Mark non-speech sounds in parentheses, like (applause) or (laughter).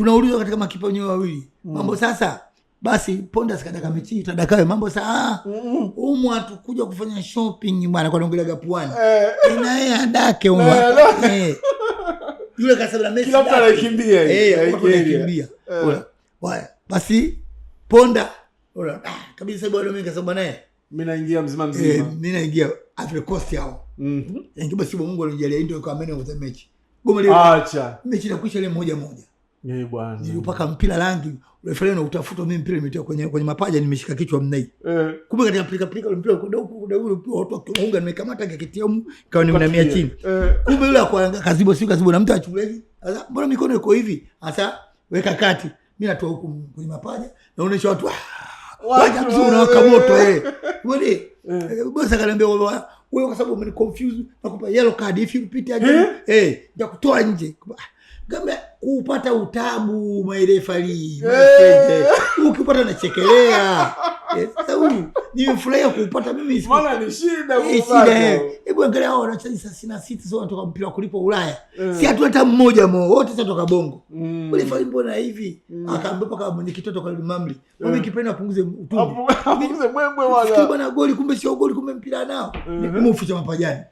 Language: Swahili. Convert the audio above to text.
tunaulizwa katika makipa wenyewe wawili mm. mambo sasa basi Ponda sikataka mechi tadakawe mambo saa ah, umwa mm -mm. tukuja kufanya shopping bwana, kwa naongelaga eh, (laughs) na adake umwa eh, yule kasabla (laughs) Messi kila eh, anakimbia eh, anakimbia bwana, basi Ponda bora ah, kabisa bwana, mimi kasema naye mimi naingia mzima eh, mzima eh, mimi naingia Africa Coast yao mhm mm -hmm. Mungu alijalia ndio kwa ameni kwa mechi goma leo, acha mechi inakwisha ile moja moja Ee mpaka nilipaka mpira rangi utafuta mi mpira imetia kwenye kwenye mapaja nimeshika kichwa mnai eh. Ee. kumbe katika pilika mpira kuda huku kuda huku watu wakiunga nimekamata kakitia humu kawa nimnamia chini ee. kumbe yule akaanga kazibo siu kazibo na mtu achuleki sasa mbona mikono iko hivi sasa weka kati mi natoa huku kwenye mapaja naonesha watu ah, waja mzuri moto eh. eh bosi akaniambia wewe kwa sababu nakupa yellow card if you repeat again eh nitakutoa nje ah, kupata utabu mairefali eh. ukipata nachekelea eh, nimefurahia kuupata mimi, eh, hebu angalia hao wanachezaji thelathini na sita wanatoka mpira wa kulipa Ulaya mm. si hatu hata mmoja mo wote toka bongo mm. Ulifali mbona hivi mm. akaambia mpaka mwenyekiti toka Mamli mm. kipenda apunguze utumbo goli, kumbe sio goli, kumbe mpira nao mm -hmm. nimeuficha mapajani